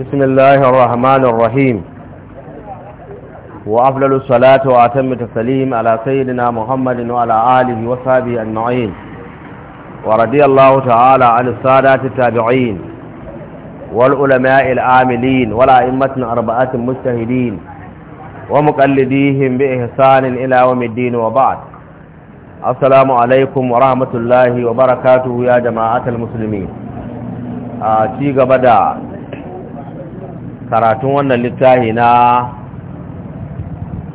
بسم الله الرحمن الرحيم وأفضل الصلاة وأتم التسليم على سيدنا محمد وعلى آله وصحبه أجمعين ورضي الله تعالى عن السادات التابعين والعلماء العاملين والأئمة أربعة مجتهدين ومقلديهم بإحسان إلى يوم الدين وبعد السلام عليكم ورحمة الله وبركاته يا جماعة المسلمين a ci gaba da karatun wannan littafi na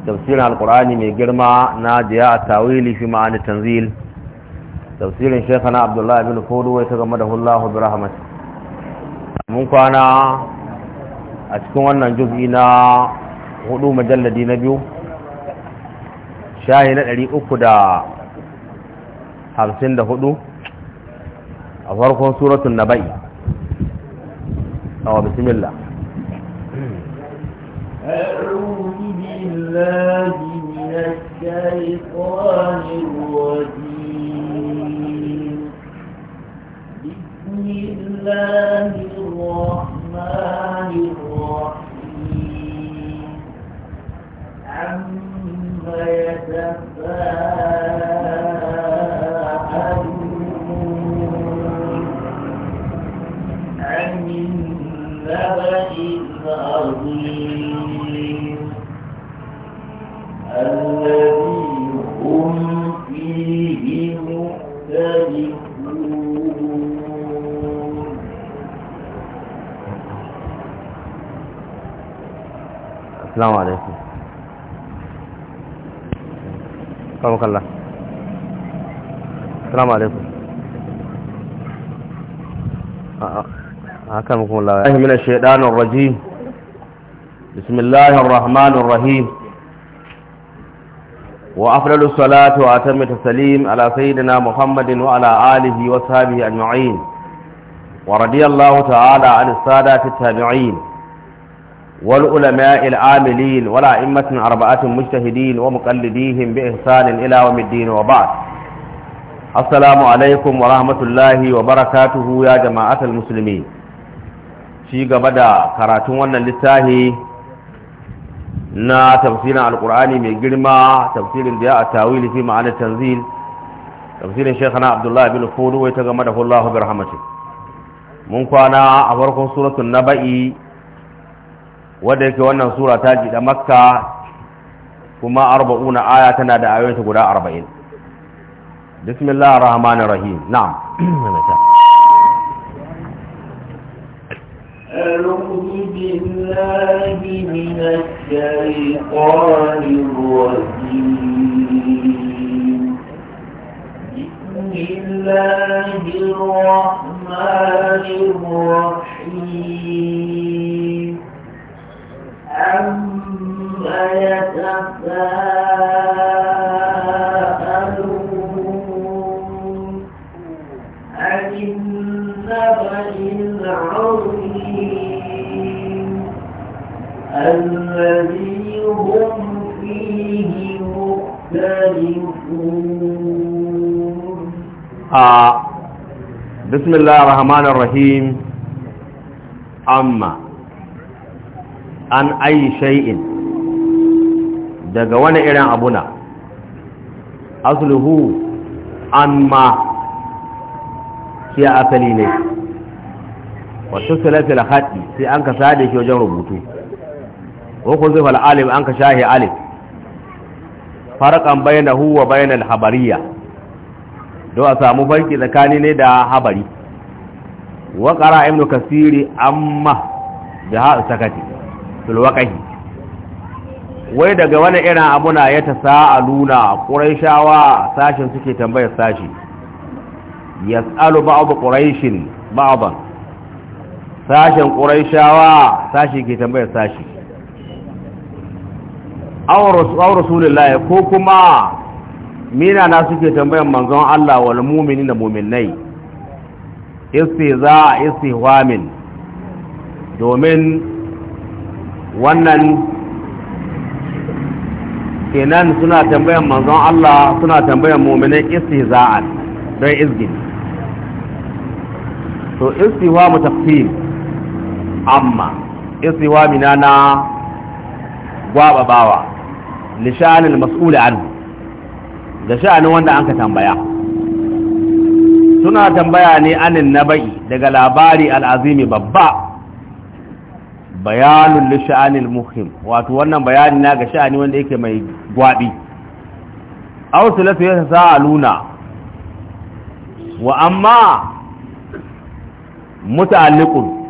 tafsirin alkur'ani mai girma na jiya a tawili fi ma'ani tanzil tafsirin shekana abdullahi bin kodo wai ta game da hullahu bi rahmat mun kwana a cikin wannan juz'i na hudu majalladi na biyu shahi na ɗari uku da hamsin da hudu a farkon suratun na a wa bismillah أعوذ بالله من الشيطان الرجيم بسم الله الرحمن الرحيم عما يتساءلون عن الذي هم فيه السلام عليكم رحمك الله السلام عليكم آه، آه. أكرمكم الله من الشيطان الرجيم بسم الله الرحمن الرحيم وأفضل الصلاة وأتم التسليم على سيدنا محمد وعلى آله وصحبه أجمعين ورضي الله تعالى عن السادة التابعين والعلماء العاملين والأئمة أربعة مجتهدين ومقلديهم بإحسان إلى يوم الدين وبعد السلام عليكم ورحمة الله وبركاته يا جماعة المسلمين ci gaba da karatun wannan littafi na tafsirin alkur'ani mai girma tafsirin biya a tawili fi ma'anar tanzil tafsirin shekana abdullahi bin fudu wai ta game da hullahu bir mun kwana a farkon suratun naba'i wadda yake wannan sura ta jiɗa makka kuma arba'una aya tana da ayoyinta guda arba'in bismillah rahmanir rahim na'am أعوذ بالله من الشيطان الرجيم بسم الله الرحمن الرحيم أما يتساءلون عن النبأ العظيم a bismillah rahman rahim amma an ayi shay'in daga wani irin abuna asulhu amma ke asali ne wasu salatul haɗi sai an ka sada shi wajen rubutu ko kun zai alif an ka shahi alif farqan bayyana huwa bayyana habariya do a samu farki tsakani ne da habari waƙara qara ibn kasiri amma biha sakati sulwakahi wai daga wani irin abuna ya ta sa'aluna ƙuraishawa sashin suke tambayar sashi ya tsalu ba'abu ƙuraishin ba'aban sashen ƙuraishawa sashi ke tambayar sashi an rasulullahi ko kuma mina na suke tambayar manzon Allah wal muminin da muminai istiza istihwamin domin wannan kenan suna tambayar manzon Allah suna tambayar muminai istihza'an don izgin to istihwa mu tafsir amma isiwa mina na gwababawa bawa lishanin mas'ula anhu da sha'anin wanda an ka tambaya suna tambaya ne anin na bai daga labari al'azimi babba bayanun lishanin muhim wato wannan bayani na ga sha'ani wanda yake mai gwabi ausulatu ya sa luna wa amma muta'alliqun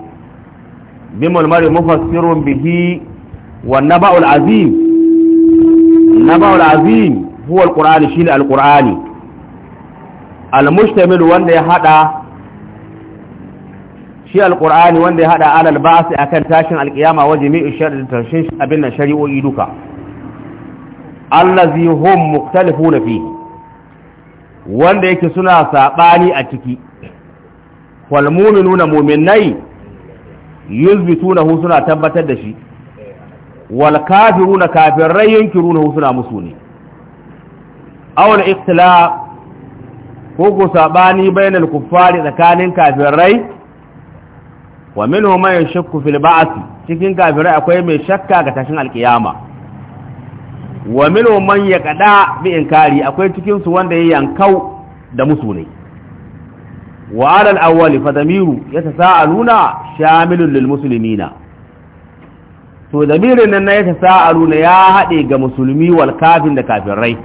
bimul mari mufassirun bihi wa naba'ul azim naba'ul azim huwa alqur'ani shine alqur'ani almustamil wanda ya hada shi alqur'ani wanda ya haɗa alal ba'si akan tashin alqiyama wa jami'u shar'i tashin abin shari'o'i duka allazi hum mukhtalifuna fihi wanda yake suna saɓani a ciki wal mu'minuna mu'minai yuzbitunahu suna tabbatar da shi wal kafiruna kafirai yankirunahu suna musu ne al iqtila ko go sabani bainal kuffari tsakanin kafirai wa minhum man yashakku fil ba'th cikin kafirai akwai mai shakka ga tashin alkiyama wa minhum man yaqada bi inkari akwai cikin su wanda yayi yankau da musu ne وعلى الأول فضمير يتساءلون شامل للمسلمين to damirin nan na yasa sa'aru na ya haɗe ga musulmi wal kafin da kafirai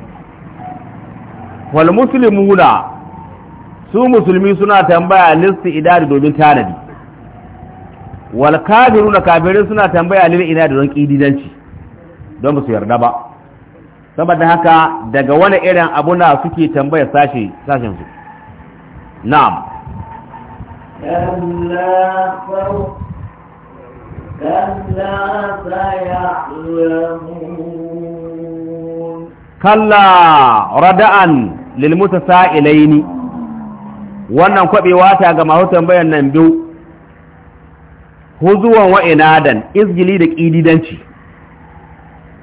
wal muslimuna su musulmi suna tambaya listi idadi domin tanadi wal kafiru na kafirin suna tambaya lil ina da don kididanci don ba su yarda ba saboda haka daga wani irin abu na suke tambaya sashe sashen su na'am كلا rada'an كلا سيعلمون كلا للمتسائلين wannan kwaɓewa ta ga masu tambayan nan biyu huzuwan wa inadan izgili da ƙididanci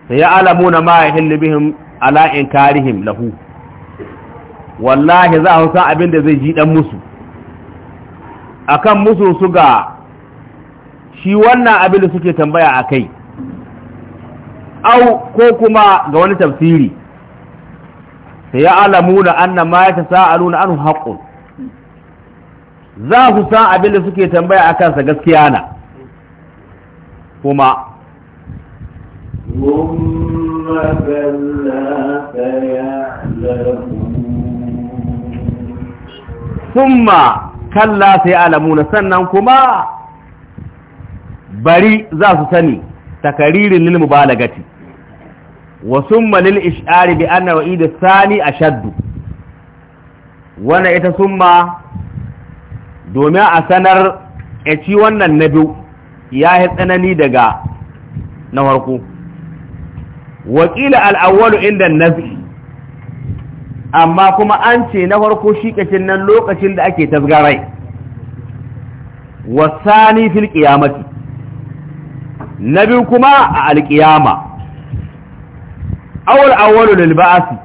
sai ya alamu na ma ya bihim ala karihim lahu wallahi za a san abin da zai ji dan musu akan musu su ga shi wannan abin da suke tambaya a kai au ko kuma ga wani tafsiri sai ya alamu da annan ma ya ta sa'alu na anu haƙƙun za su san abin da suke tambaya a kansa gaskiya na kuma ثم kalla sai alamuna sannan kuma bari za su sani takaririn lil mubalagati wa summa lil ish'ari bi anna wa'id sani ashaddu wannan ita summa domin a sanar a ci wannan na biyu ya yi tsanani daga na farko wakila al'awwalu inda nazi amma kuma an ce na farko shi nan lokacin da ake tasgarai wasani fil qiyamati na biyu kuma a alƙiyama awal awalu lil ba'asi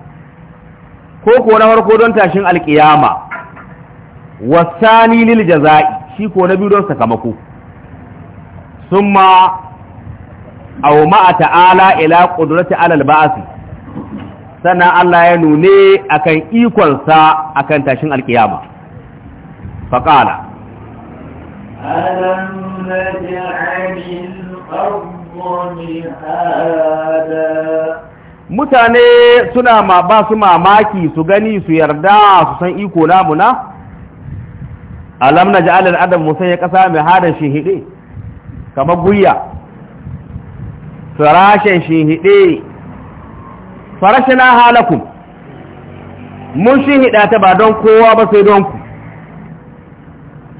ko ko na farko don tashin alƙiyama wasani lil jaza'i shi ko na biyu don sakamako summa aw ma ta'ala ila qudrati alal ba'asi sannan Allah ya nune akan ikonsa akan tashin alkiyama faƙala mutane suna ma ba su mamaki su gani su yarda su san iko namu na alam na ja'alal adam musai ya kasa mai hadan hide kamar guya shi hide farashina halakum mun shi hida ta ba don kowa ba sai don ku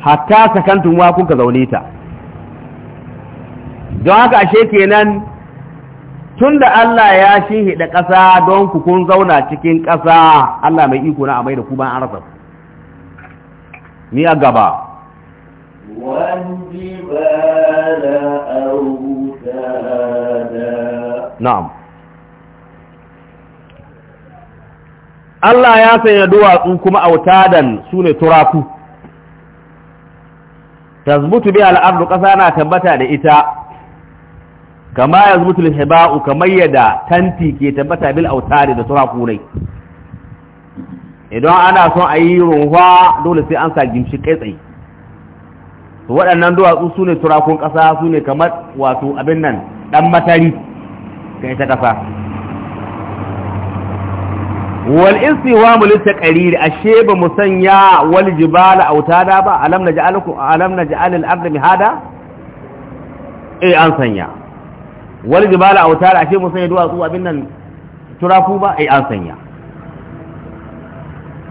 hatta sakantun wa kuka zaune ta don haka ashe kenan tun da Allah ya shi hida ƙasa don ku kun zauna cikin ƙasa Allah mai iko na amai da kuma an rasa ni a gaba والجبال Allah ya sanya duwatsu kuma autadan su ne turaku tazbutu bi al'adu, ƙasa na tabbata da ita kama ya zubutu lihiba'u kamar yadda tanti ke tabbata bil autari da turaku ne idan ana son a yi ruwa dole sai an sa gimshi kai tsaye waɗannan duwatsu su ne turakun ƙasa su ne kamar wato abin nan ɗan matari ga ita ƙasa yi wal istiwamu litaqrir ashe ba musanya wal jibala autada ba alam naj'alukum alam naj'al al arda mihada eh an sanya wal jibala autada ashe sanya duwatsu abin nan turafu ba eh an sanya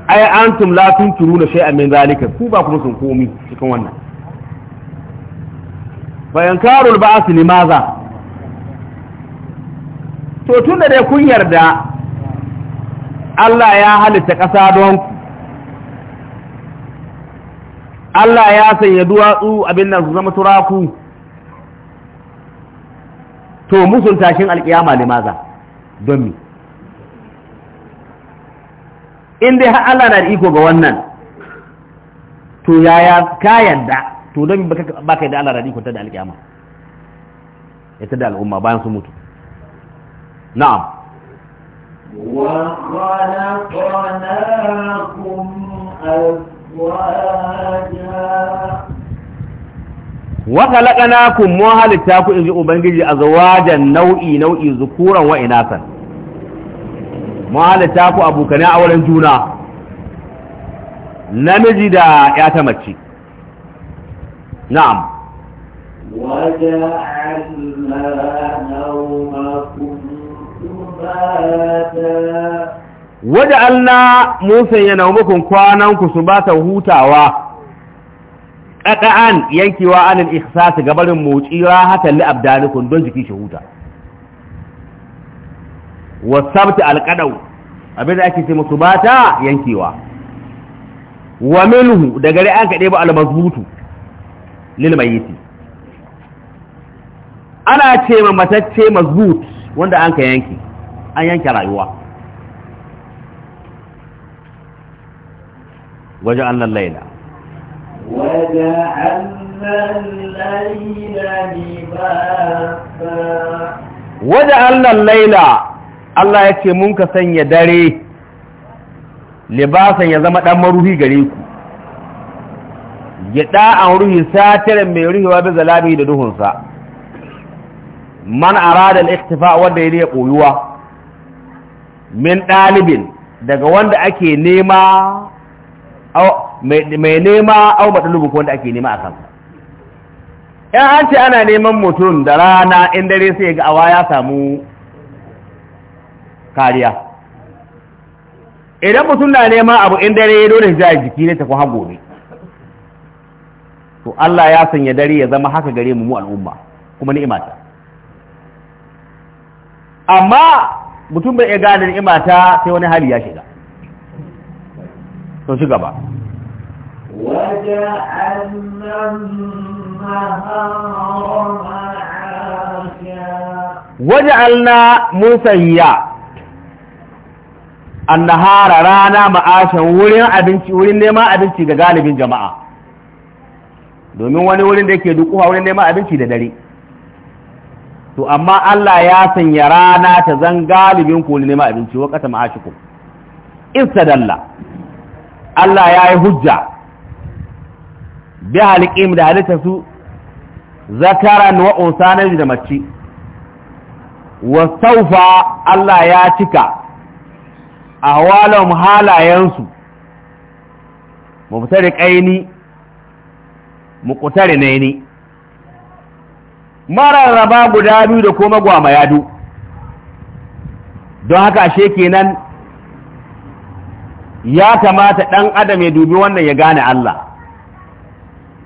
ai an antum la tunkiruna shay'an min zalika ku ba kuma sun komi cikin wannan bayan karul ba'as limaza to tun da dai kun yarda Allah ya halitta ƙasa don ku Allah ya sanya duwatsu abin nan su zama turaku to musun tashin alƙiyama limaza don mi in dai har Allah na da iko ga wannan to yaya ka yadda to don ba ka da Allah na da iko ta da alƙiyama ta da al'umma bayan su mutu na'am وخلقناكم أزواجا وخلقناكم وهلتاكم إن أبنجي أزواجا نوئي نوئي ذكورا وإناثا mahalata ku abokane a wurin juna namiji da ya ta mace na'am waja'alna waje Allah mun sanya kwanan kwananku su ba ta hutawa ƙaƙa'an yankewa anil ikhsasi gabarin motsi rahatan li abdanikun don jiki shi huta wasabta abin abinda ake ce musu ba ta yankewa wa minhu da gari an kaɗe ba almazbutu lil mayyiti ana ce ma matacce mazbut wanda an ka yanke an yanke rayuwa waje annan laila waje annan laila ba waje annan laila Allah ya ce mun ka sanya dare libasan ya zama ɗan maruhi gare ku ya an ruhi satirin mai ruhiwa da zalabi da duhunsa man arada al-iktifa wanda ya ne koyuwa min ɗalibin daga wanda ake nema mai nema au matsalubin ko wanda ake nema a kansa yan an ce ana neman mutum da rana in dare sai ga awa ya samu kariya idan mutum na nema abu in dare dole ja jiki ne ta kuma gobe to Allah ya sanya dare ya zama haka gare mu mu al'umma kuma ni'imata amma mutum bai iya gane ni'ima ta sai wani hali ya shiga to shi gaba waja'alna mun sanya annahara rana ma'ashin wurin abinci wurin neman abinci ga galibin jama'a domin wani wurin da yake dukuwa wurin neman abinci da dare to amma Allah ya sanya rana ta zan galibin ku nema abinci wa kata ma'ashikum istadalla Allah ya yi hujja bi halikim da halitta su zakaran wa unsanan da mace wa saufa Allah ya cika ahwalam halayensu mubtariqaini muqtari ne ni raba guda biyu da kuma gwama du don haka ashe kenan ya kamata ɗan adam ya dubi wannan ya gane Allah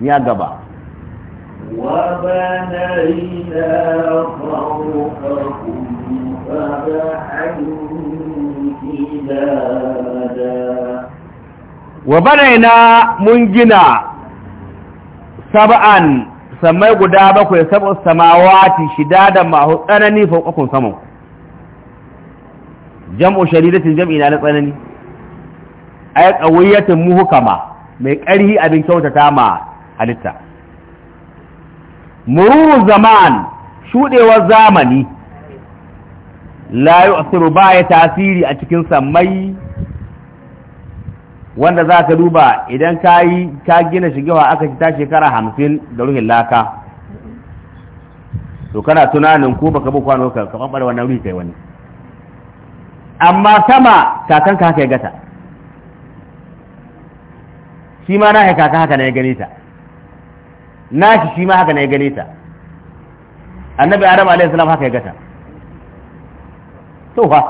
ya gaba wa banaina mun gina sab'an samai guda bakwai sabu samawati shida da mahu tsanani fokakun saman jam'u sharidatin jam'i na tsanani ay qawiyatin muhkama mai ƙarhi abin kyautata ma halitta mururu zaman shudewar zamani la yu'thiru ba tasiri a cikin samai wanda za ka duba idan ka yi ka gina shigewa aka ta shekara hamsin da ruhin laka to kana tunanin ko baka bi kwano ka kamar wannan ruhi kai wani amma sama kakan ka haka ya gata shi ma na haka haka na ya gane ta na shi shi ma haka na ya gane ta annabi adam alaihi salam haka ya gata to fa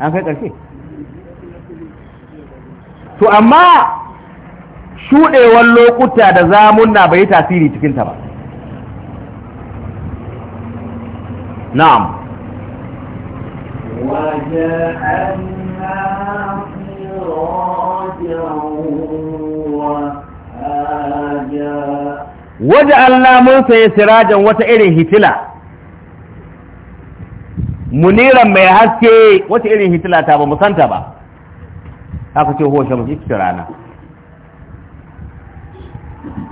an kai karshe to amma shuɗewar lokuta da zamunna bai yi tasiri cikinta ba na'am waje Allah mun saye sirajan wata irin hitila muniran mai haske wata irin hitila ta ba musanta ba haka ce huwa shamsu ita rana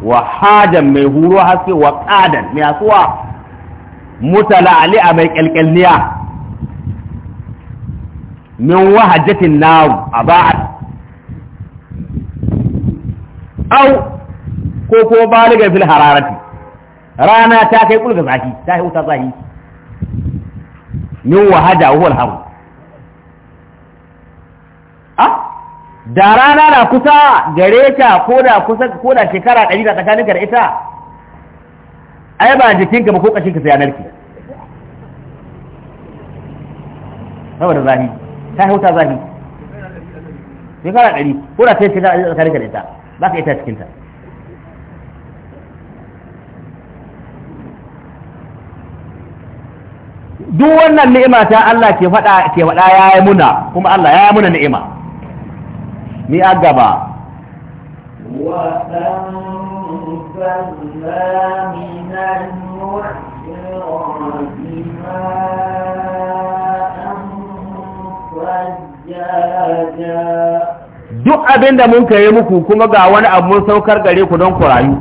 wa hadan mai huro haske wa qadan mai asuwa mutala'ali a mai kyalkyalniya min wahajatin naru a ba'ad au ko ko baligar fil hararati rana ta kai kulga zafi ta yi wuta zafi min wahada huwal hamu da rana na kusa gare ta ko da kusa ko da shekara ɗari da tsakaninka da ita ai ba jikinka ba ko kashinka sai anarki saboda zahi ta hauta zahi shekara ɗari ko da sai shekara ɗari da tsakaninka da ita ba ka ita cikinta duk wannan ni'ima ta Allah ke faɗa ke faɗa yayi muna kuma Allah yayi muna ni'ima Ni a gaba duk abin da mun kare muku kuma ga wani abu mun saukar gare ku don ku rayu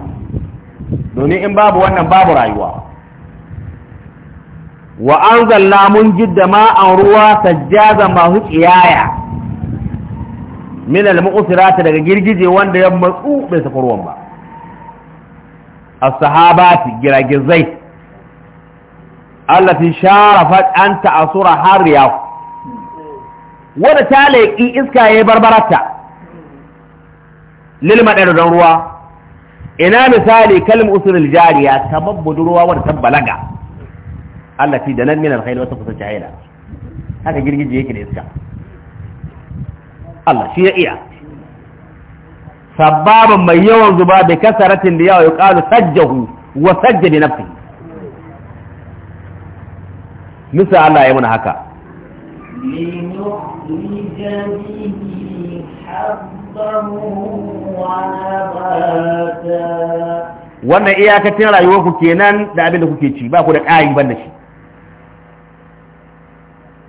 domin in babu wannan babu rayuwa wa an zalla mun jidda ma'an ruwa sajjaza masu tsiyaya min al-mu'sirata daga girgije wanda ya matsu bai sako ruwan ba as-sahabati giragizai allati sharafat an asura har ya wanda ta leƙi iska ya yayi barbarata lil madar don ruwa ina misali kalm usul jariya kamar budurwa wanda ta balaga allati dalan min al-khayl wa ta kusa jahila haka girgije yake da iska Allah shi ya iya Sababin mai yawan zuba da kasaratin da yawa ya ƙalu sajjahu wa sajja na nafsi misa Allah ya muna haka wannan iyakacin rayuwarku kenan da abin da kuke ci ba ku da ƙari ban da shi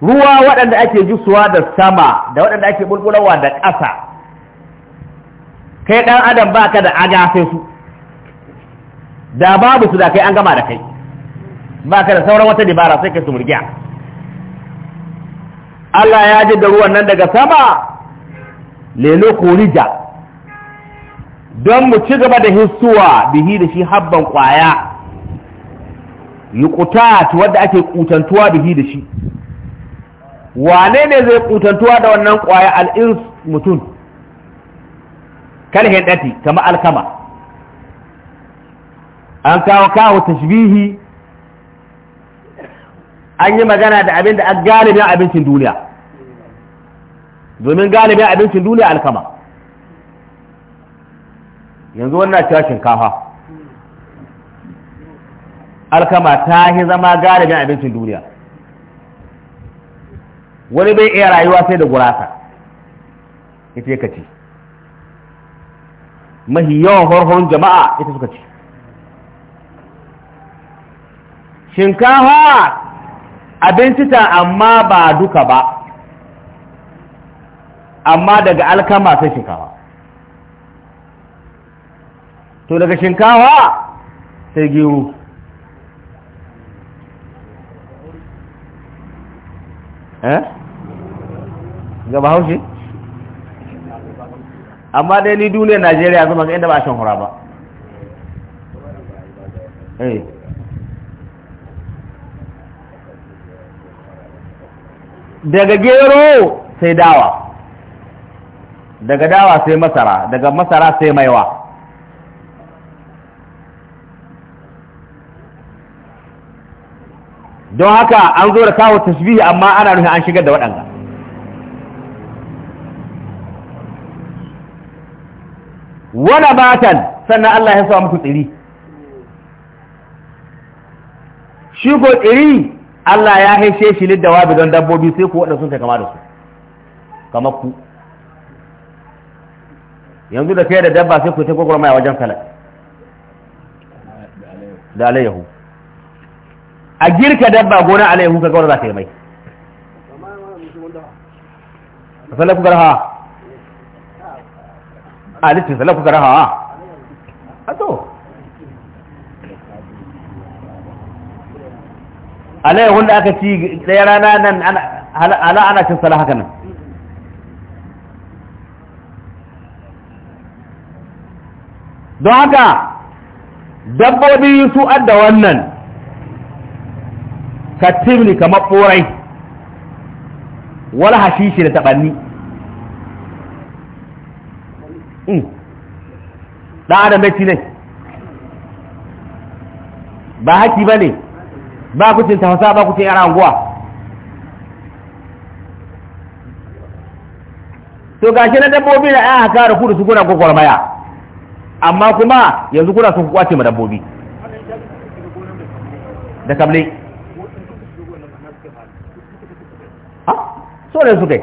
ruwa waɗanda ake jusuwa da sama da waɗanda ake bulbulawa da ƙasa kai ɗan adam ba ka da aga su da babu su da kai an gama da kai ba ka da sauran wata dibara sai kai su murgiya Allah ya ji da ruwan nan daga sama lelo korija don mu ci gaba da hissuwa bihi da shi habban kwaya yukutat wadda ake kutantuwa bihi da shi wane ne zai kutantuwa da wannan kwaya al'irs mutum kalhin dati kama alkama an kawo kawo tashbihi an yi magana da abin da galibin abincin duniya domin galibin abincin duniya alkama yanzu wannan cewa shinkafa alkama ta yi zama galibin abincin duniya wani bai iya rayuwa sai da gurasa ita ya kace mahi yawan jama'a ita suka ci shinkafa abinci ta amma ba duka ba amma daga alkama sai shinkafa to daga shinkafa sai gero eh ga bahaushe amma dai ni duniyar najeriya zama ga inda ba a shan hura ba eh. daga gero sai dawa daga dawa sai masara daga masara sai maiwa don haka an zo da kawo tasbihi amma ana nufin an shigar da waɗanda wani batan sannan Allah ya sa muku tsiri shi ko tsiri Allah ya haishe shi lidda wabi don dabbobi sai ku waɗanda sun ta kama da su kamar ku yanzu da kai da dabba sai ku ta gwagwarmaya wajen salat da alayyahu a girka dabba gona alayyahu ka gawar za ka yi mai sallar garha sa salafu saraha a to alayyahun da aka ci ɗaya rana nan ala ana cin sala haka nan don haka dabbobi su adda wannan katimni kamar ɓorai wala hashishi da taɓanni ɗan mm. adam bacci ne ba haki ba ne ba kucin tafasa ba kucin yara anguwa to shi na dabbobi na yan haka da kudu su kuna maya amma kuma yanzu kuna sun kwace ma dabbobi da kamle ha so ne su kai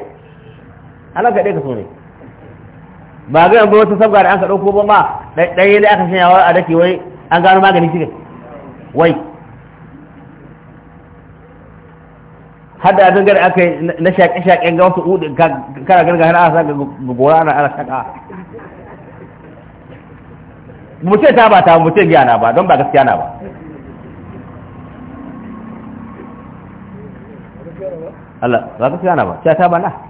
alaka ɗaya ka so ne ba ga yanzu wata sabga da an ka ɗauko ba ma ɗaya da aka shanya a dake wai an gano magani shi wai har da abin gari aka yi na shaƙe-shaƙen ga wasu uɗi kara ganga har asa ga gora ana ana shaƙa mutum ta ba ta mutum biya na ba don ba gaskiya na ba Allah ba gaskiya na ba ta ba na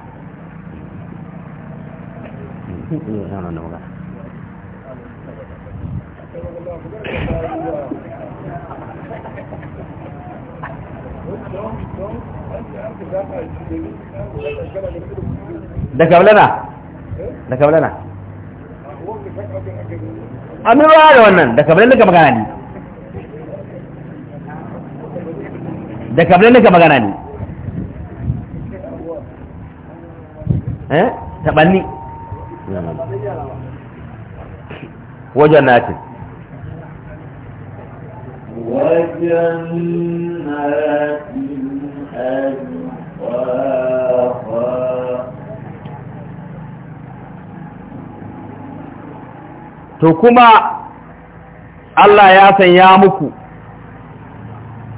da kablana da da wannan da kablana ka ne da kablana ka ne eh wajen natin to kuma Allah ya sanya muku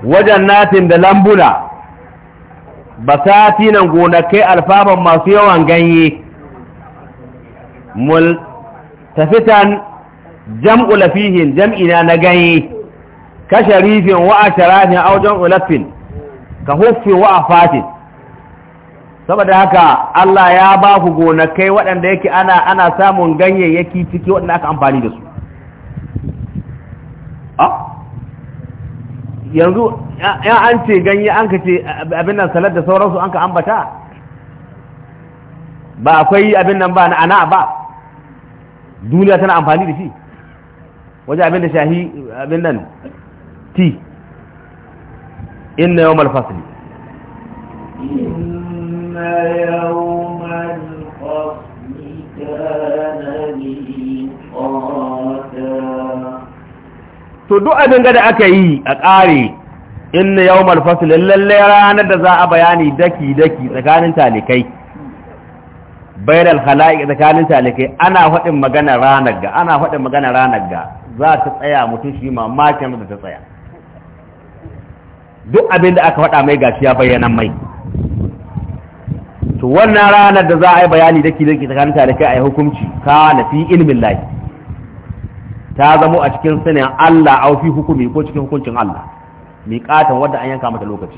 wajen natin da lambuna basatinan gonakai alfaban masu yawan ganye multafitan jam'u lafihin jam'ina na ganye ka sharifin wa a sharafin au jam'u lafin ka huffin wa a fatin saboda haka Allah ya ba ku gonakai waɗanda yake ana ana samun ganyayyaki ciki waɗanda aka amfani da su yanzu ya an ce ganye an ka ce abin nan salat da sauransu an ka ambata ba akwai abin nan ba na ana ba duniya tana amfani da shi waje abin da shahi abin nan ti inna yawmal fasl inna yawmal fasl kana miqata to duk abin da aka yi a ƙare inna yawmal fasl lalle ranar da za a bayani daki daki tsakanin talikai bayanar khala'i tsakanin talikai ana faɗin magana ranar ga ana faɗin magana ranar ga za ta tsaya mutum shi mamakin da ta tsaya duk abin da aka faɗa mai gashi ya bayyana mai to wannan ranar da za a yi bayani da ke dake tsakanin talikai a yi hukunci ka na fi ilimin ta zamo a cikin sanin Allah au fi hukumi ko cikin hukuncin Allah katon wadda an yanka mata lokaci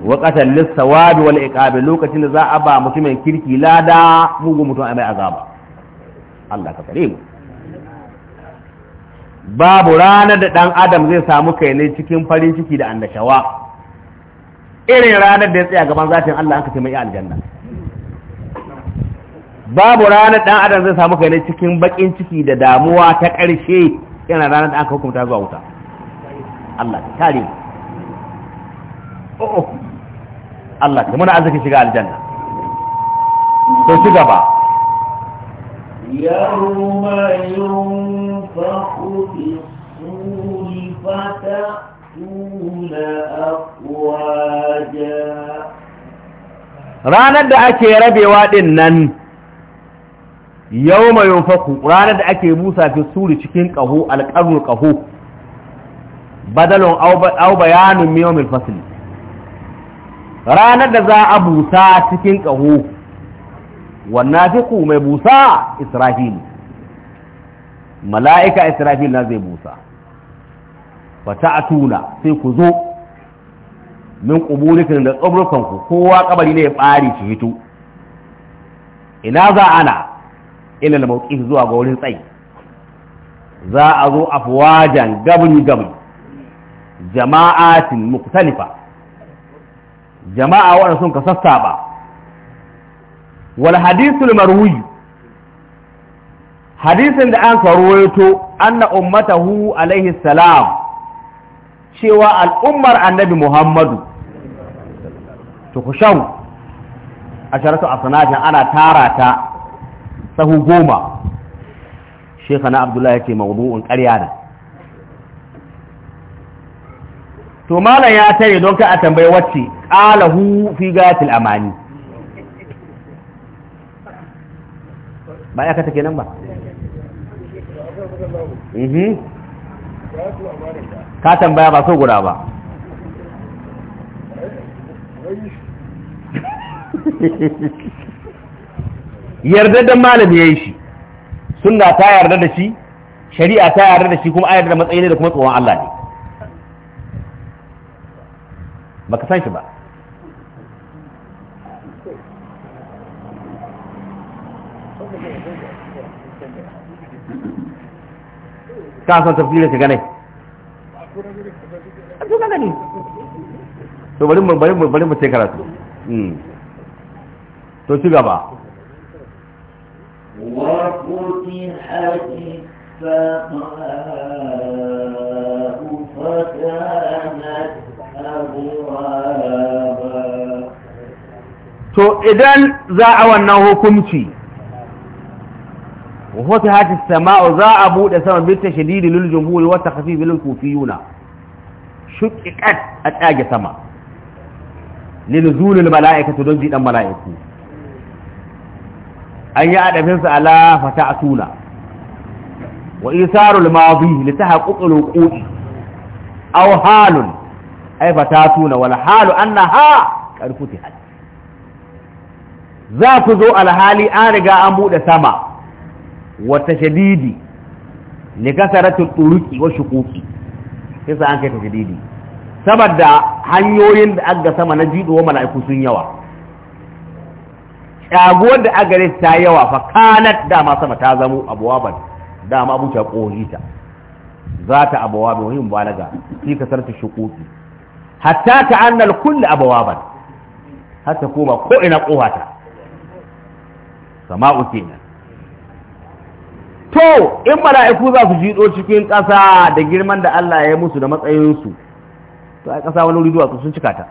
wa lissa wabi wal iqab lokacin da za a ba mutumin kirki lada mugu mutum a mai azaba Allah ka kare mu babu ranar da dan adam zai samu kai ne cikin farin ciki da annashawa irin ranar da ya tsaya gaban zafin Allah an ka ce mai aljanna babu ranar dan adam zai samu kai ne cikin bakin ciki da damuwa ta ƙarshe yana ranar da aka hukunta zuwa wuta Allah ka kare mu oh, oh. Allah ka muna arziki shiga aljanna to ci gaba يوم ينفخ في الصور فتأتون أفواجا ranar da ake rabewa din nan yau mai yunfaku ranar da ake busa fi suri cikin ƙaho alƙarun ƙaho badalon au bayanin miyomil fasili ranar da za a busa cikin ƙaho wannafiku mai busa israfil mala'ika israfil na zai busa fata tuna, sai ku zo min ƙuburikin da tsobrukanku kowa ƙabari ne ya ɓari shi hito ina za ana ina da zuwa ga wurin tsayi za a zo afuwajan gabin gabin jama'atin muktalifa jama'a waɗanda sun ka sassaɓa wal hadisul marwi hadisin da an karuwaito anna ummatahu alaihi salam cewa al'ummar annabi muhammadu tukushan a sharatu a sanatin ana tara ta sahu goma shekana abdullahi ce maudu'un ƙarya na. to malam ya tare don ka a tambayi wacce qalahu fi gatil amani ba ya ka take nan ba mhm. ka tambaya ba so guda ba yarda da malami ya yi shi sunna ta yarda da shi shari'a ta yarda da shi kuma ayar da matsayi ne da kuma tsohon Allah ne baka san shi ba ka san tafsirin ka ganai a tuka gani to bari mu bari mu bari mu karatu hmm. to ci gaba وفتحت السماء فكانت to idan za a wannan hukunci wa huwa hati sama'u za a bude sama bi tashdidi lil jumhuri wa takhfif lil kufiyuna shuqiqat a tsage sama lil zulul mala'ikatu don jidan mala'iku an yi adafin sa ala fata'tuna wa isarul madi li tahaqqul huquqi aw halun ay fatatuna wal halu annaha qad futihat za ku zo alhali an riga an buɗe sama wata shadidi ne kasaratul turuki wa shukuki yasa an kai ta shadidi saboda hanyoyin da aga sama na jidowa mala'iku sun yawa shaguwar da aga ta yawa fa kanat dama sama ta zamo abuwaban dama abuta ta, za ta abuwa bai wani mubalaga fi kasaratul shukuki hatta ta annal kulle abuwaban hatta koma ko ina kohata sama'u kenan to in mala'iku za su jido cikin ƙasa da girman da Allah ya yi musu da matsayinsu to a ƙasa wani wuri duwatsu sun cika ta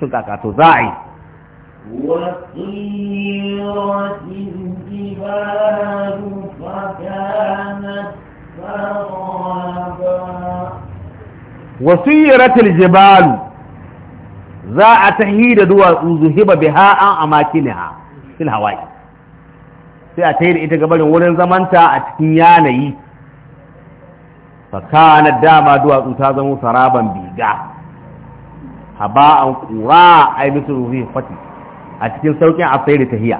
sun kaka to za a yi وَسِيرَتِ الْجِبَالُ فَكَانَتْ سَرَابًا wasiratul jibalu za a tahi da duwatsu zuhiba biha an amakiniha fil hawaii sai a da ita gabarin wurin zamanta a cikin yanayi na dama duwatsu ta zama saraban biga haba an kura a yi musu fati a cikin saukin a tsaye da tahiya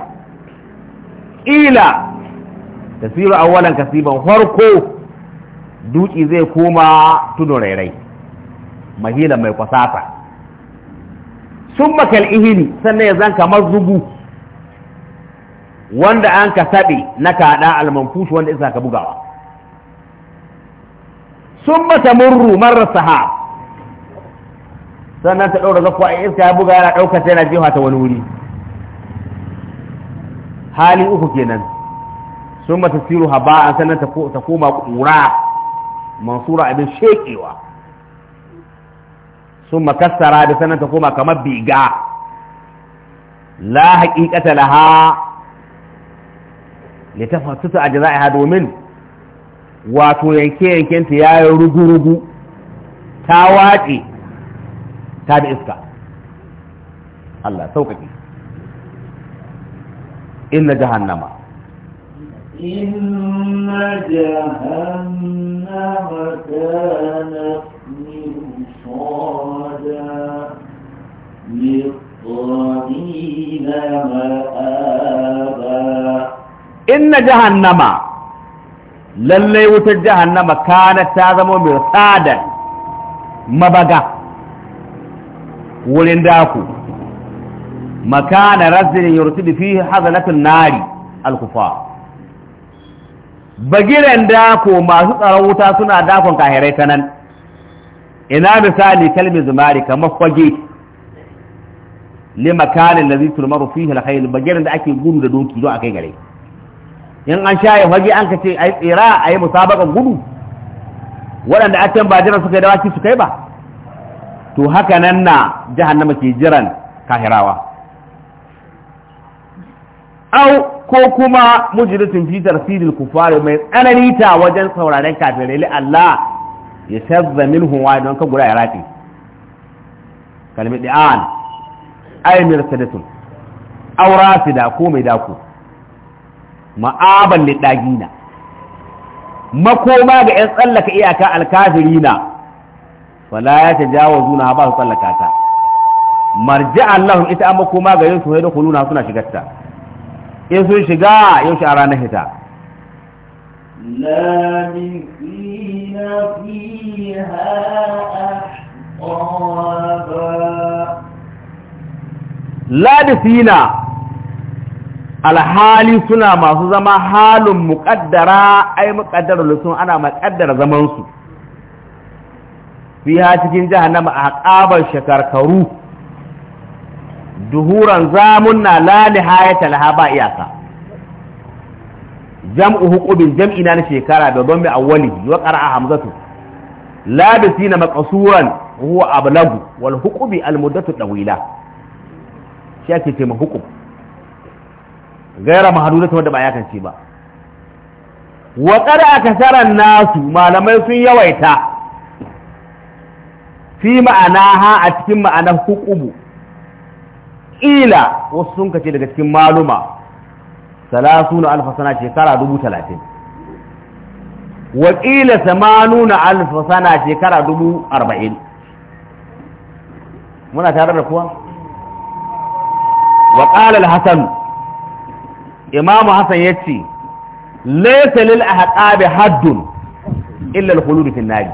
ƙila tasiru awwalan kasiban farko duki zai koma tudun rairai mahila mai kwasata sun makal ihili sannan ya zan kamar zubu wanda an ka saɓe na kaɗa almanfushi wanda isa ka bugawa sun mata murru marasa ha sannan ta ɗaura zakwa in iska ya buga yana ɗaukar ta yana jefa ta wani wuri hali uku kenan sun mata siru haba an sannan ta koma ƙura mansura abin shekewa sun makassara da sannan ta koma kamar biga la haƙiƙata laha litafassusu ajza'iha domin wato yanke yankenta ya yayi rugu rugu ta wace ta da iska Allah sauƙaƙe inna jahannama inna jahannama kanat mirsada na مآبا inna jahannama lallai wutar jahannama kana ta zama tsada mabaga wurin daku makana razzin yursidu fihi hazanatun nari al bagiren dako masu tsaron wuta suna dakon kahirai ta nan ina misali kalmi zumari kamar kwage ne makanin da zai turmaru fi halhail bagiren da ake gudu da doki don a kai gare in an sha ya fage an ka ce a yi tsira a yi musabakan gudu waɗanda a can ba jiran suka yi dawaki su kai ba to haka nan na jahannama ke jiran kahirawa au ko kuma mujrisun fi tarsilil kufari mai tsanani ta wajen sauraren kafirai li Allah ya shazza minhu wa don ka guda ya rafi kalmi di'an ay mirsadatun aw rafida ko mai daku. ma'aban lidagina makoma ga yan tsallaka iyaka alkafirina wala ya tajawazu na ba su tsallaka ta marji Allah ita an makoma ga yin su kuluna suna shigarta in sun shiga yau shi a hita لا نسين فيها أحقابا لا نسينا alhali suna masu zama halin muƙaddara ai muƙaddara lusun ana muƙaddara zamansu fiha cikin jahannama a haƙabar shakarkaru duhuran zamun na laliha ya talaha ba iyaka jam'u hukumin jam'i na shekara da don bi awwali wa qara'a hamzatu labisina maqsuran huwa ablagu wal hukubi al muddatu dawila shi ake ce hukum gaira mahadura ta wadda ba ya kance ba wa kada akasaran nasu malamai sun yawaita fi ma'anaha a cikin ma'anar hukumu ƙila wasu sun kace daga cikin maluma salasu na alfa sana shekara dubu talatin wa ƙila samanu na alfa sana shekara dubu arba'in muna tare da kuwa wa ƙalar hasanu imamu Hassan ya ce laisa lil ahqabi haddun illa al da fi nari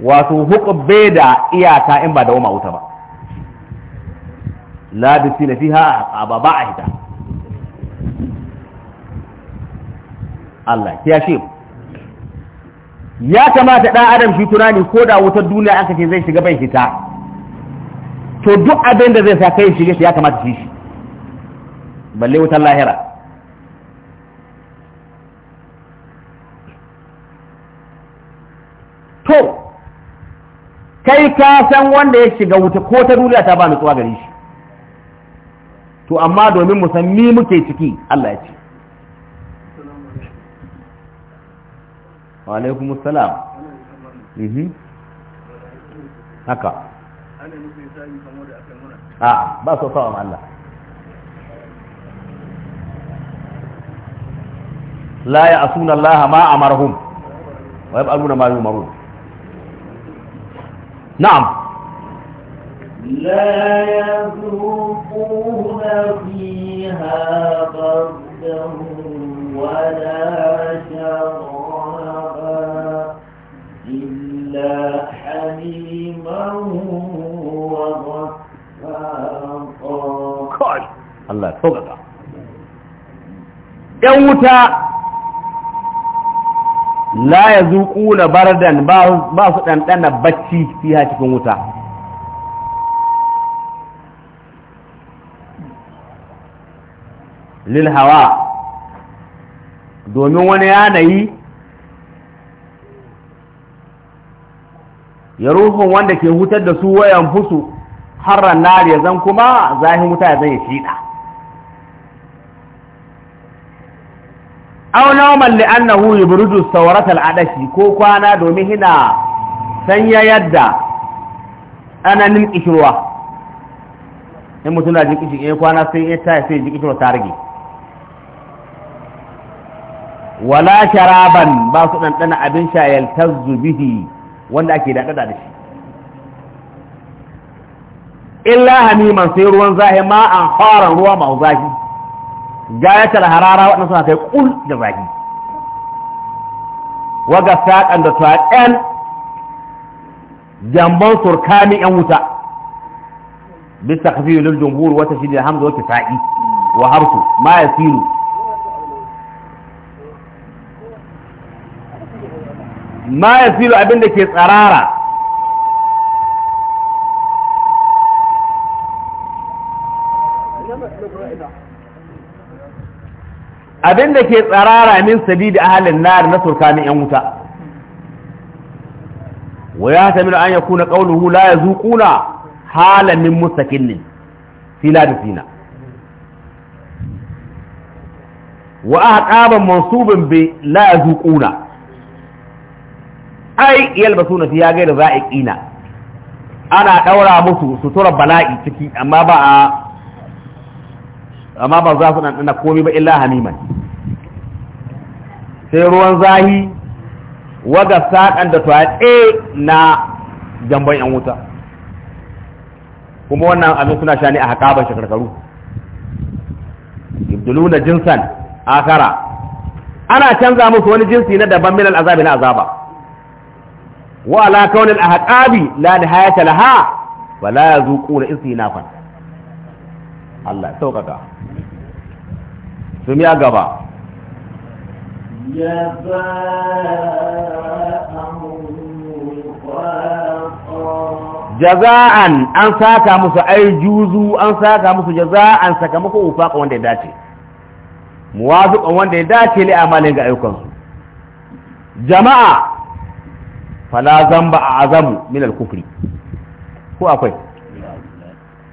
wato hukube da iyaka in ba da wama wuta ba la na sina a aba ba hita. Allah ya ce ya kamata ɗan adam shi tunani ko da wutar duniya aka ce zai shiga bai hita? to duk abin da zai sa kai shiga shi ya kamata shi balle wutan lahira to kai ka san wanda ya shiga wuta ko ta duniya ta ba nutsuwa gare shi to amma domin musammi muke ciki Allah ya ce alaikum salam mhm. haka a ba so sawa Allah لا يعصون الله ما امرهم ويفعلون ما يؤمرون نعم لا يذوقون فيها بردا ولا شرابا الا حليما وغفاقا قال الله فوقك يا la ya zuƙuna bardan ba su ɗanɗana bacci fiha cikin wuta lil hawa domin wani yanayi ya ruhun wanda ke hutar da su wayan fusu har nari ya zan kuma zahin wuta ya zan ya shiɗa Au nawman li'annahu yubrudu sawrat al'adashi ko kwana domin hina sanya yadda ananin kishirwa in mutum na jin kishin kwana sai ya ta sai jin ta rage wala sharaban ba su dandana abin shayal bihi wanda ake daɗaɗa da shi illa hamiman sai ruwan zahi ma an fara ruwa ma zahi gayatar harara waɗansu suna kai kul da zagi waga saƙan da saƙen jamban surkami yan wuta bisa kafi lil jumhur wata shi ne hamza wata sa'i wa harsu ma sinu ma sinu abinda ke tsarara abin da ke tsarara min da ahalin nar na surkanin yan wuta wa ya ta mila an ya yakuna qawluhu la zuƙuna? halan min ne fila da fina wa a haƙaban mansubin bi la zuƙuna. ai yalbasuna fiya a ƙina ana ɗaura musu suturar bala'i ciki amma ba a amma ba za su ɗanɗana komai ba illa hamiman sai ruwan zahi waga saƙan da tuwaɗe na jamban 'yan wuta kuma wannan abin suna sha ne a haƙaban shekarkaru ibdulu jinsan akara ana canza musu wani jinsi na daban milal azabi na azaba wa ala kaunil ahqabi la nihayata laha wa la yazuquna isinafan Allah sauƙaƙa sun ya gaba jaza'an an saka musu ai juzu an saka musu jaza'an sakamakon ufaqa wanda ya dace muwafiqan wanda ya dace li amalin ga ayyukansu jama'a fala zamba a azamu min kufri ko akwai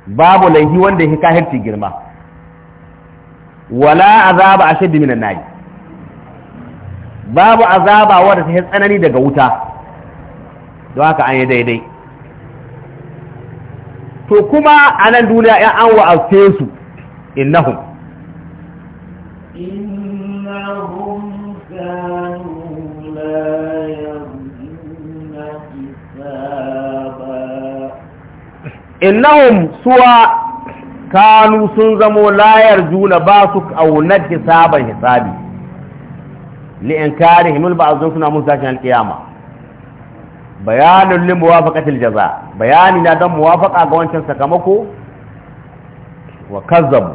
babu laifi wanda ya kafirci girma wala azaba ashaddu minan nari babu azaba wadda ta tsanani daga wuta don haka an yi daidai to kuma a nan duniya ya an wa'afe su innahum innahum kanu la innahum suwa kanu sun zamo layar juna ba su kaunar hisaban hisabi li'in kare himul ba a zo suna musu tashin alkiyama bayanin lin muwafaqatil jaza bayani na don muwafaqa ga wancan sakamako wa kazzabu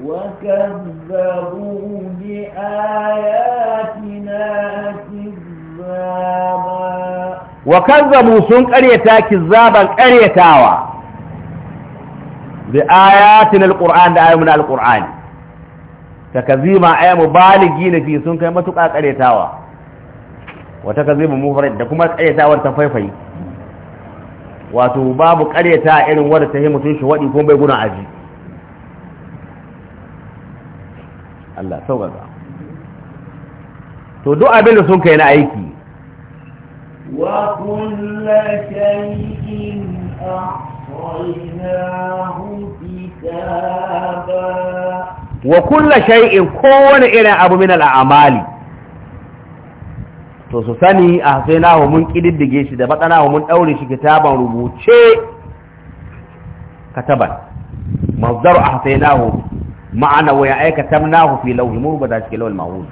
وكذبوا بآياتنا كذابا وكذبوا سن قريتا كذابا قريتاوا bi ayatin alquran da ayamun alquran takazima ay mubaligi ne fi sun kai matuƙa karetawa wa takazima mufrad da kuma karetawar ta faifai wato babu kareta irin wanda ta yi mutun shi wadi kuma bai guna aji Allah sauƙaƙa to duk abin da sun kai na aiki wa kullu shay'in wa kulla shay'in kowane irin abu min al'amali to su sani a sai nahu mun kididdige shi da batsana mun daure shi kitaban rubuce kataban masdar a sai nahu ma'ana wa ya aikata nahu fi lauhi mun rubuta shi lawal mahuz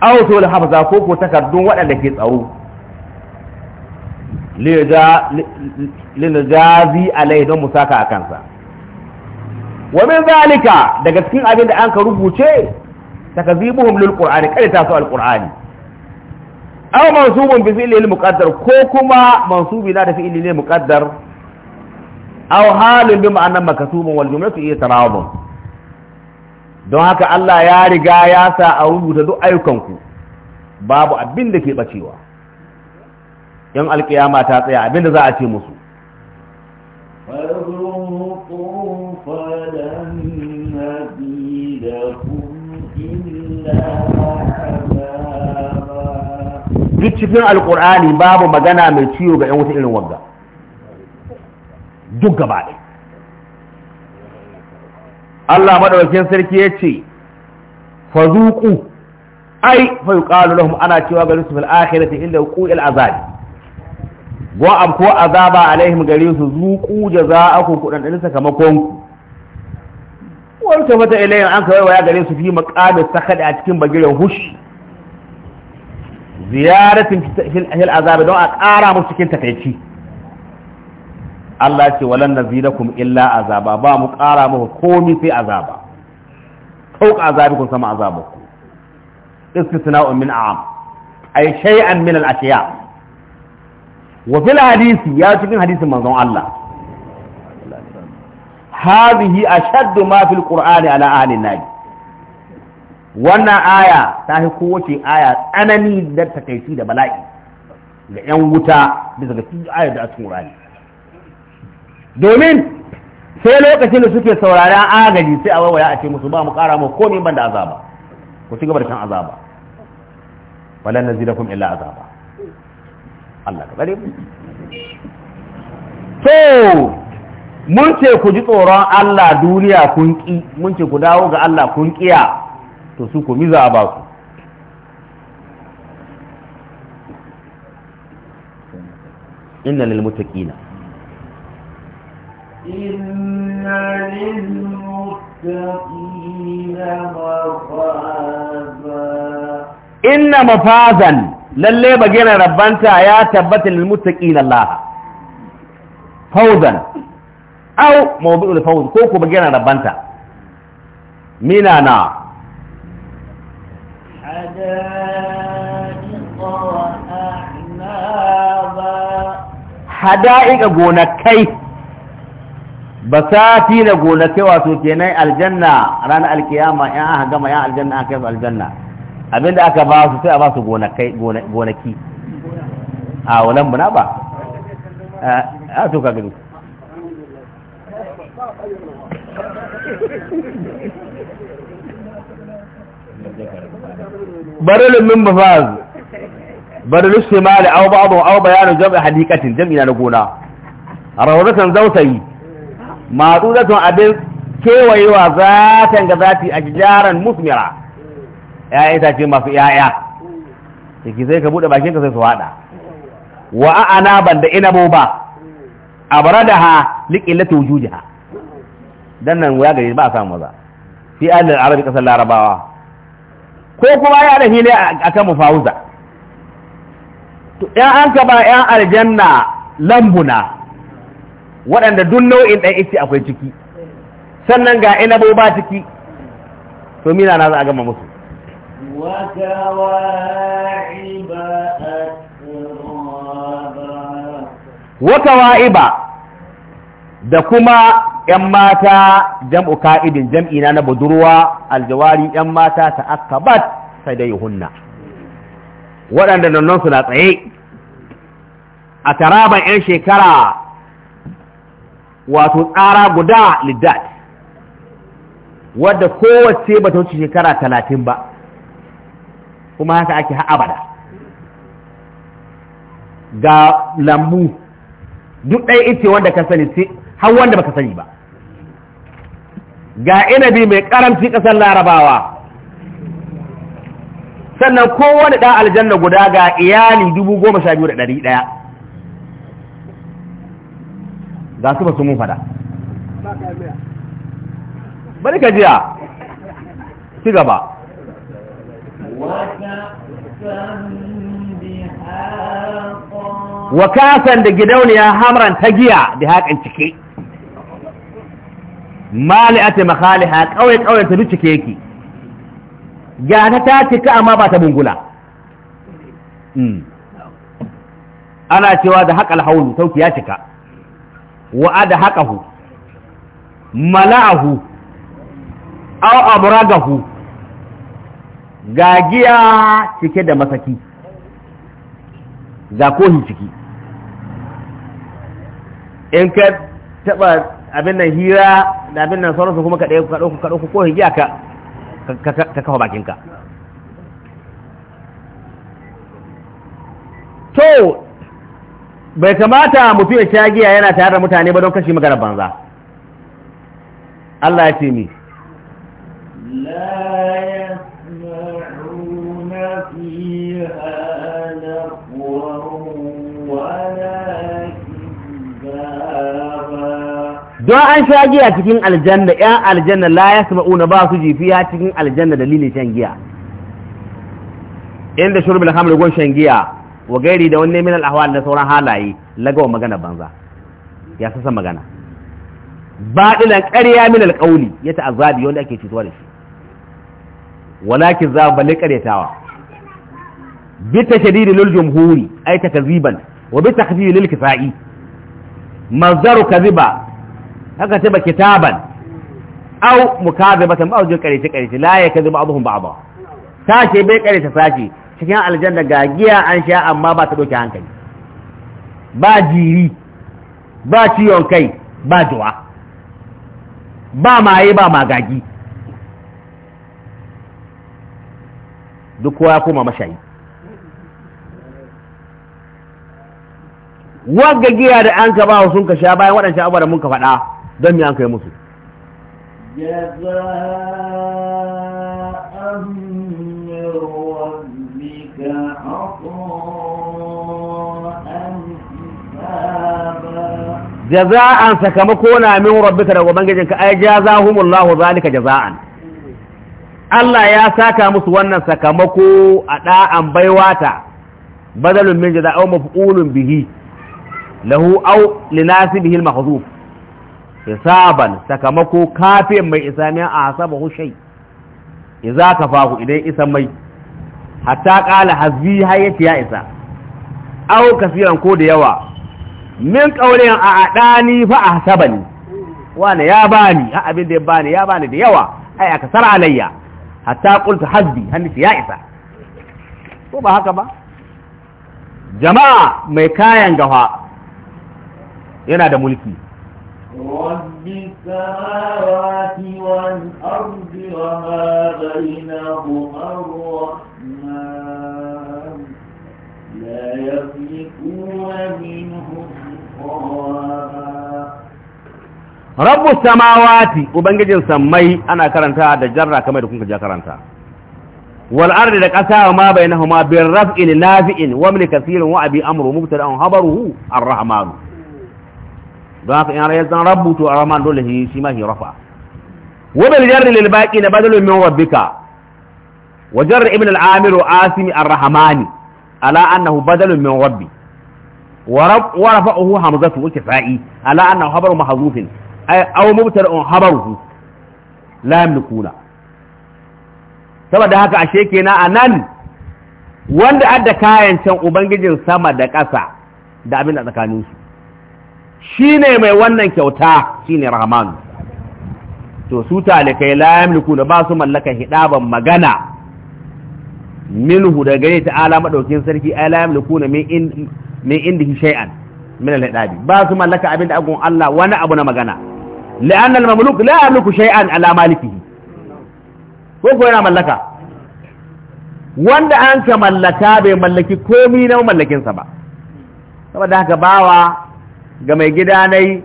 aw to al hafza ko ko takardun wadanda ke tsaro linujazi alai don musaka a kansa wa zalika daga cikin abin da an ka rubuce takazibuhum lil qur'ani kada ta so al qur'ani bi fi'li al ko kuma mansubi na da fi'li al muqaddar aw halun bi ma'anan makasubun wal jumlatu iya tarawun don haka Allah ya riga ya sa a rubuta duk ayyukanku babu abin da ke bacewa in alkiyama ta tsaya abinda za a ce musu duk cikin alkur'ani babu magana mai ciwo ga 'yan wata irin wagga duk gaba Allah madaukakin sarki ya ce fazuku ai fa lahum ana cewa ga rusul akhirati inda uqul azab wa am ko azaba alaihim gare su zuku jaza'akum ku dan dan sakamakon ku wa tafata ilayhim an kawai waya gare su fi maqamis sakada a cikin bagiren Hush. ziyaratin fil azabi don a ƙara musu cikin takaici Allah ce walan nazirakum illa azaba ba mu ƙara muku komi sai azaba fauka azabikum sama azabakum istisna'un min a'am ay shay'an min al-ashiya' wa fil hadisi ya cikin hadisin manzon Allah hadhihi ashaddu ma fil qur'ani ala ahli nabi wannan aya ta fi kowace aya tsanani da takaici da bala'i ga yan wuta bisa ga cikin ayar da cikin qur'ani domin sai lokacin da suke sauraron agaji sai a wawaya a ce musu ba mu kara mu komai ban da azaba ku ci gaba da kan azaba wala nazilakum illa azaba Allah ka bare mu to mun ce ku ji tsoron Allah duniya kun ki mun ce ku dawo ga Allah kun kiya to su ku miza a ba su inna lil muttaqina inna lil muttaqina mafaza inna mafazan lalle bagina rabbanta ya tabbata lil muttaqin Allah fawzan aw mawdu'ul fawz ko ko bagina rabbanta mina na hada'iqa gonakai basati na gonakai wato kenan aljanna ranar alkiyama ya gama ya aljanna aka yi aljanna Abin da aka ba su sai a ba su gonaki a wannan muna ba a to ka gani barilin min mafaz barilin da au ba'adu au bayanin jami'a hadikatin jami'a na gona rawdatan zautayi ma'dudatun abin kewayewa zatan ga zati ajjaran musmira 'ya'ya itace masu 'ya'ya ciki sai ka buɗe bakinka sai su haɗa wa a'ana ban da inabo ba lati liqillati wujudiha dan nan wuya gari ba a samu maza fi alil arabi ƙasar larabawa ko kuma ya da hili kan mufawuza to ɗan an ka ba ɗan aljanna lambuna waɗanda duk nau'in ɗan iti akwai ciki sannan ga inabo ba ciki to mina na za a gama musu وكواعب da kuma ‘yan mata jam'u ka'idin jam'ina na budurwa aljawari ‘yan mata ta akabat sai dai hunna waɗanda nan su na tsaye a taraban ‘yan shekara wato tsara guda liddat wadda kowace bata wuce shekara talatin ba kuma haka ake ha abada ga lambu duk ɗaya ice wanda ka sani sai har wanda baka sani ba ga inabi mai karamci ƙasar larabawa sannan kowane ɗan aljanna guda ga iyali dubu goma sha biyu da ɗari ɗaya ga su ba su mun fada bari ka jiya ci gaba wa kasan da gidauniya hamran ta giya da haƙan cike mali a ha ƙauye ƙauye ta cike yake gata ta cika amma ba ta bungula hmm. ana cewa da haƙa alhaulu sauki ya cika a da haƙahu mala'ahu au abragahu Gagiya cike da masaki ga kohi ciki in ka taba abin nan hira da abin nan sauransu kuma ka ɗauku ka ɗauku kohin giya ka ka kafa bakinka to bai kamata mutum ya sha giya yana tare da mutane ba don kashi magana banza Allah ya ce mi la don an sha giya cikin aljanna yan aljanna la ya sama'una ba su jifiya cikin aljanna dalilin shan giya inda shurbul hamr gon shan giya wa gairi da wani neman al-ahwal da sauran halaye lagawa magana banza ya sasa magana Ba baɗilan ƙarya min alƙauli ya ta'azzabi wanda ake cutuwa da shi walakin za balle ƙaryatawa bi tashdidi lil jumhuri ay takziban wa bi takhfifi lil kifa'i mazdaru kadhiba haka ce ba kitaban au mukabe ba wajen karice karice la ya kazi ba abuhun ba'da ce bai karice sashe cikin aljanna ga giya an sha amma ba ta doke hankali ba jiri ba ciwon kai ba duwa ba maye ba magagi duk kowa ya koma mashayi wagga giya da an ka ba sun ka sha bayan waɗancan abubuwa da mun ka faɗa don me an kai musu Jaza'an sakamako na min حسابا جزاء سكمكونا من ربك رب بنجنك أي Allah ya saka musu wannan sakamako a ɗa'an baiwata, badalun min jaza'au maf'ulun bihi, lahu au linasi bihil mahzuf hisaban sakamako kafin mai isa ne a hasaba hushai iza ka fahu idan isa mai hatta kala hazbi hayati ya isa aw kasiran ko da yawa min qawlin a adani fa a hasabani wani ya bani a abin da ya bani ya bani da yawa ai aka sar alayya hatta qultu hazbi hanni ya isa ko ba haka ba jama'a mai kayan gawa yana da mulki رب السماوات والأرض وما بينهما الرحمن لا يملكون منه سقرا رب السماوات وبنجين سمي أنا كرنتا دجرة كما يكون كجا كرنتا والأرض لك أساء ما بينهما بالرفع نافئ ومن كثير وعبي أمر مبتلأ خبره الرحمن don haka in ya zan a arrahman dole shi shi ma shi rafa wa bil da lil baqi na badalun min rabbika wajen da ibn al amir wa asim ala annahu badalun min rabbi ورفعه حمزة وكفائي على أنه خبر محذوف أو مبتدأ habaru لا يملكون saboda haka ashe kenan a nan wanda adda kayan can ubangijin sama da ƙasa da abin da tsakaninsu Shi ne mai wannan kyauta Shi ne rahman to su talikai la yamliku da ba su mallaka hidaban magana minhu da gare ta'ala madaukin sarki ay la yamliku min in min indihi shay'an min al-hidabi ba su mallaka abinda agun Allah wani abu na magana لأن المملوك لا يملك shay'an ala malikihi ko yana mallaka wanda an ka mallaka bai mallaki komai na mallakinsa ba saboda haka bawa ga mai gida nai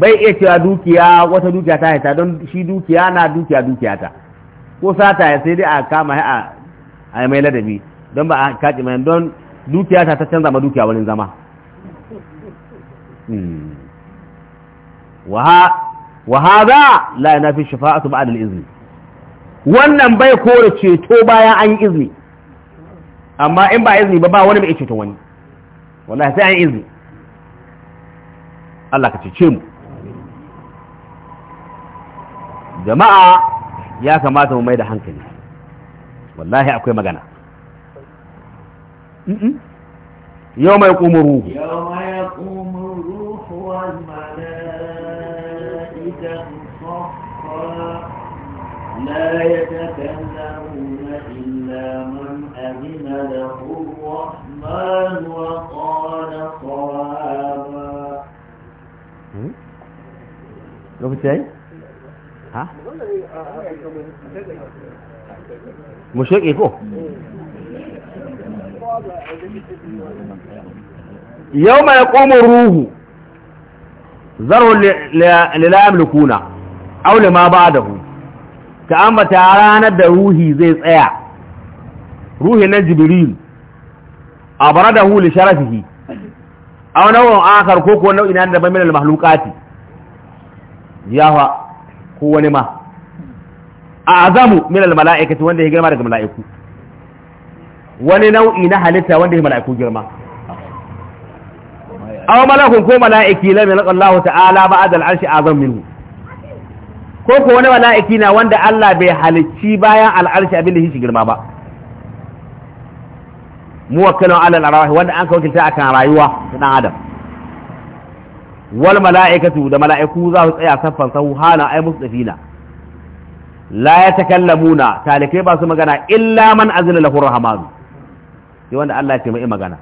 bai iya cewa dukiya wata dukiya ta haita don shi dukiya na dukiya dukiya ta ko sata ya sai dai a kama a a mai ladabi don ba a kaci mai don dukiya ta ta canza ma dukiya wani zama hmm. wa hada la yanafi shafa'atu ba'da al-izni wannan bai kore ceto bayan an yi izini amma in ba izini ba ba wani mai ceto wani wallahi sai an izini Allah ka cece mu jama'a ya kamata mu mai da hankali wallahi akwai magana yau mai kuma ruhu لا يتكلمون إلا من أذن له الرحمن وقال صواب Hmm? ha mu shoke ko yau mai ƙomar ruhu zaro lila'am lukuna aule ma ba da hu ta ambata ranar da ruhi zai tsaya ruhi na jibril a bara da hu li sharafihi A wani naw'un akhar ko ko nau'i na daban min al-makhluqati yawa ko wani ma azamu min al-mala'ikati wanda ya girma daga mala'iku wani nau'i na halitta wanda ya mala'iku girma A wani malakun ko mala'iki lam yalqa Allah ta'ala ba'da al-arshi azam minhu ko ko wani mala'iki na wanda Allah bai halicci bayan al'arshi abin da ya shi girma ba muwakkalun alal arwahi wanda an ka wakilta akan rayuwa ta dan adam wal mala'ikatu da mala'iku za su tsaya saffan sahu hana ay mustafina la yatakallamuna talikai ba su magana illa man azina lahu rahmanu sai wanda Allah ya ce mai magana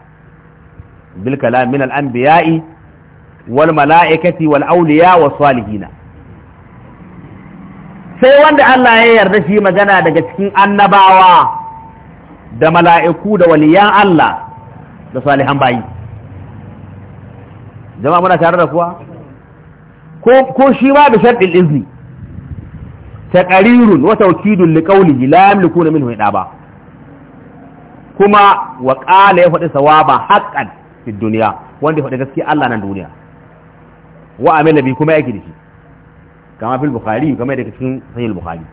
bil kalam min al anbiya'i wal mala'ikati wal awliya was salihina sai wanda Allah ya yarda shi magana daga cikin annabawa da mala'iku da waliyan Allah da salihan bayi jama'a muna tare da kuwa ko shi ma da shaɗin izini wata wakilun tawkidun li qawlihi la yamlikuna minhu ba. kuma wa ƙala ya faɗi sawa ba haqqan fi duniya. wanda ya faɗi gaske Allah nan duniya wa amina bi kuma yake da shi kama fil bukhari kama da cikin sanyin bukhari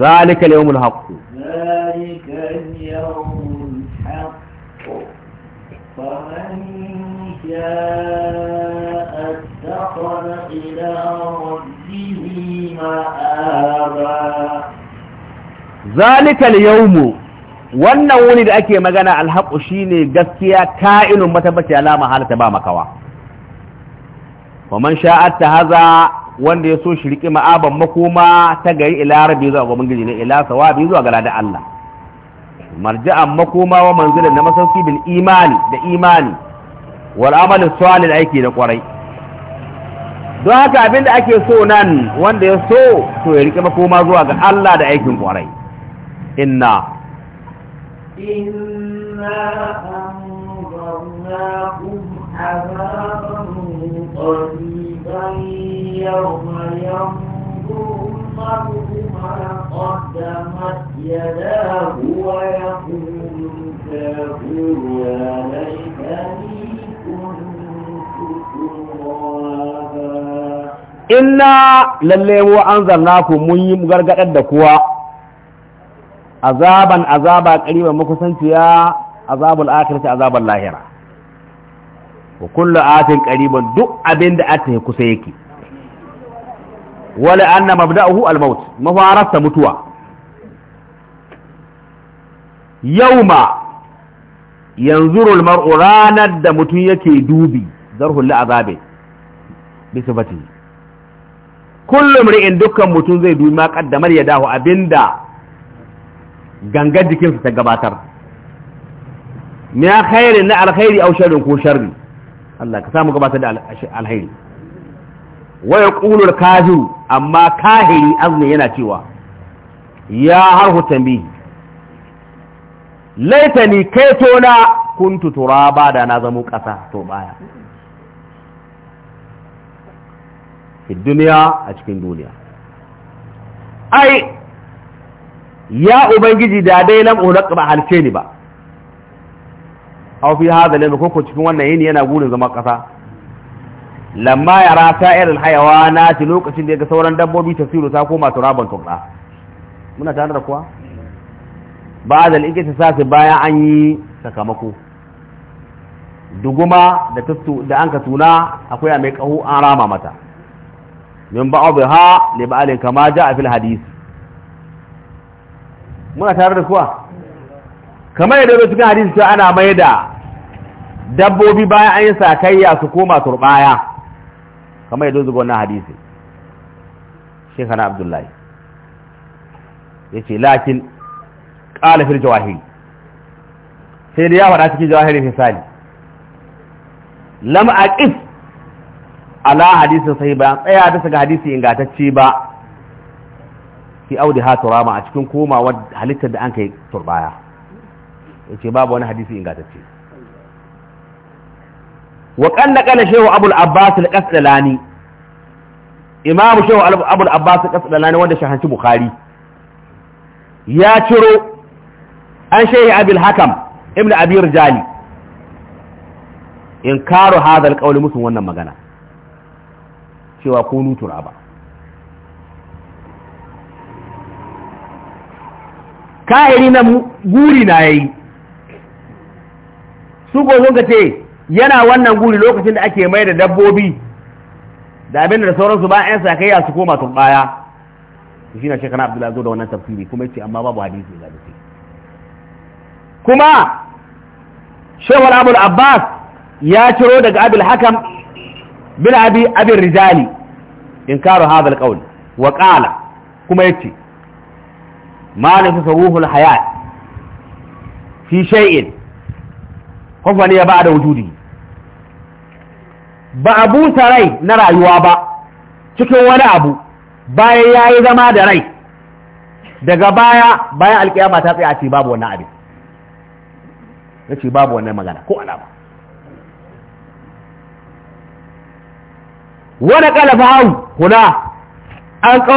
ذلك اليوم الحق ذلك اليوم الحق فمن شاء اتخذ إلى ربه مآبا ذلك اليوم wannan wuni da ake magana alhaƙu shine gaskiya ka'inun matabbaci alama halata ba makawa. Wa man ta haza wanda ya so shi riƙe ma'aban makoma ta gari ila rabbi zuwa ga mungiji ne ila sawabi zuwa ga ladan Allah marja'an makoma wa manzilan na masauki bil imani da imani wal amal salih aiki da kwarai don haka abinda ake so nan wanda ya so to ya riƙe makoma zuwa ga Allah da aikin kwarai inna inna anzarnakum عذابا قريبا يوم ينظر المرء ما قدمت يداه ويقول الكافر يا ليتني كنت ترابا inna lalle mu naku mun yi gargadar da kuwa azaban azaba kariba makusanciya azabul akhirati azabul lahira wa kullu atin qariban duk abin da ata kusa yake wala anna mabda'uhu al-maut mafarasa mutuwa Yau yanzuru al-mar'u ranar da mutum yake dubi zarhul azabe bi sifati kullu mri'in dukkan mutum zai dubi ma qaddamar yadahu abinda gangar jikinsa ta gabatar min khairi na alkhairi au sharrin ko sharri Allah ka samu gabatar da alheri wa yaqulu al amma kahiri azmi yana cewa ya harhu tambihi laitani to na kuntu turaba da na zamo ƙasa to baya fi duniya a cikin duniya ai ya ubangiji da dai lam ulaq ba halce ni ba aw fi hadha lil koko cikin wannan yini yana gurin zama kasa lamma yara sa'ir al hayawanat lokacin da ya ga sauran dabbobi tasiru ta koma turaban tukra muna tare da kuwa ba'da al sasi bayan an yi sakamako duguma da tattu da anka tuna akwai mai kaho an rama mata min ba'dha li ba'alin kama ja'a fil hadith muna tare da kuwa kamar yadda bai cikin hadisi cewa ana mai da dabbobi bayan an yi sakayya su koma turbaya kamar yadda zuwa wannan hadisi shekara abdullahi ya ce lakin ƙalafin jawahiri sai da ya faɗa cikin jawahirin misali lam aqif ala hadisi sai ba tsaya da saka hadisi ingantacce ba fi audi ha turama a cikin komawa halittar da an kai turbaya yace babu wani hadisi ingantacce wa qalla qala shehu abul abbas al-qasdalani imamu shehu abul abbas al-qasdalani wanda shahanci bukhari ya ciro an shehi abul hakam ibn abi rijali inkaru hadha al-qawl musun wannan magana cewa ko nutura ba kahiri na guri na yayi su ko sun ce yana wannan guri lokacin da ake mai da dabbobi da abin da sauransu ba yan sakayya su koma tun baya shi na shekana abdullahi zo da wannan tafsiri kuma yace amma babu hadisi ga dace kuma shehu abul abbas ya ciro daga abul hakam bin abi abin rijali inkaru hadha alqawl wa qala kuma yace ma nafi ruhul hayat fi shay'in kwamfani ya ba da wujudi ba a ta rai na rayuwa ba cikin wani abu bayan ya yi zama da rai daga baya bayan alkiyama ta tsaye a ce babu wannan abin ya ce babu wannan magana ko alama wani kalafa hau kuna an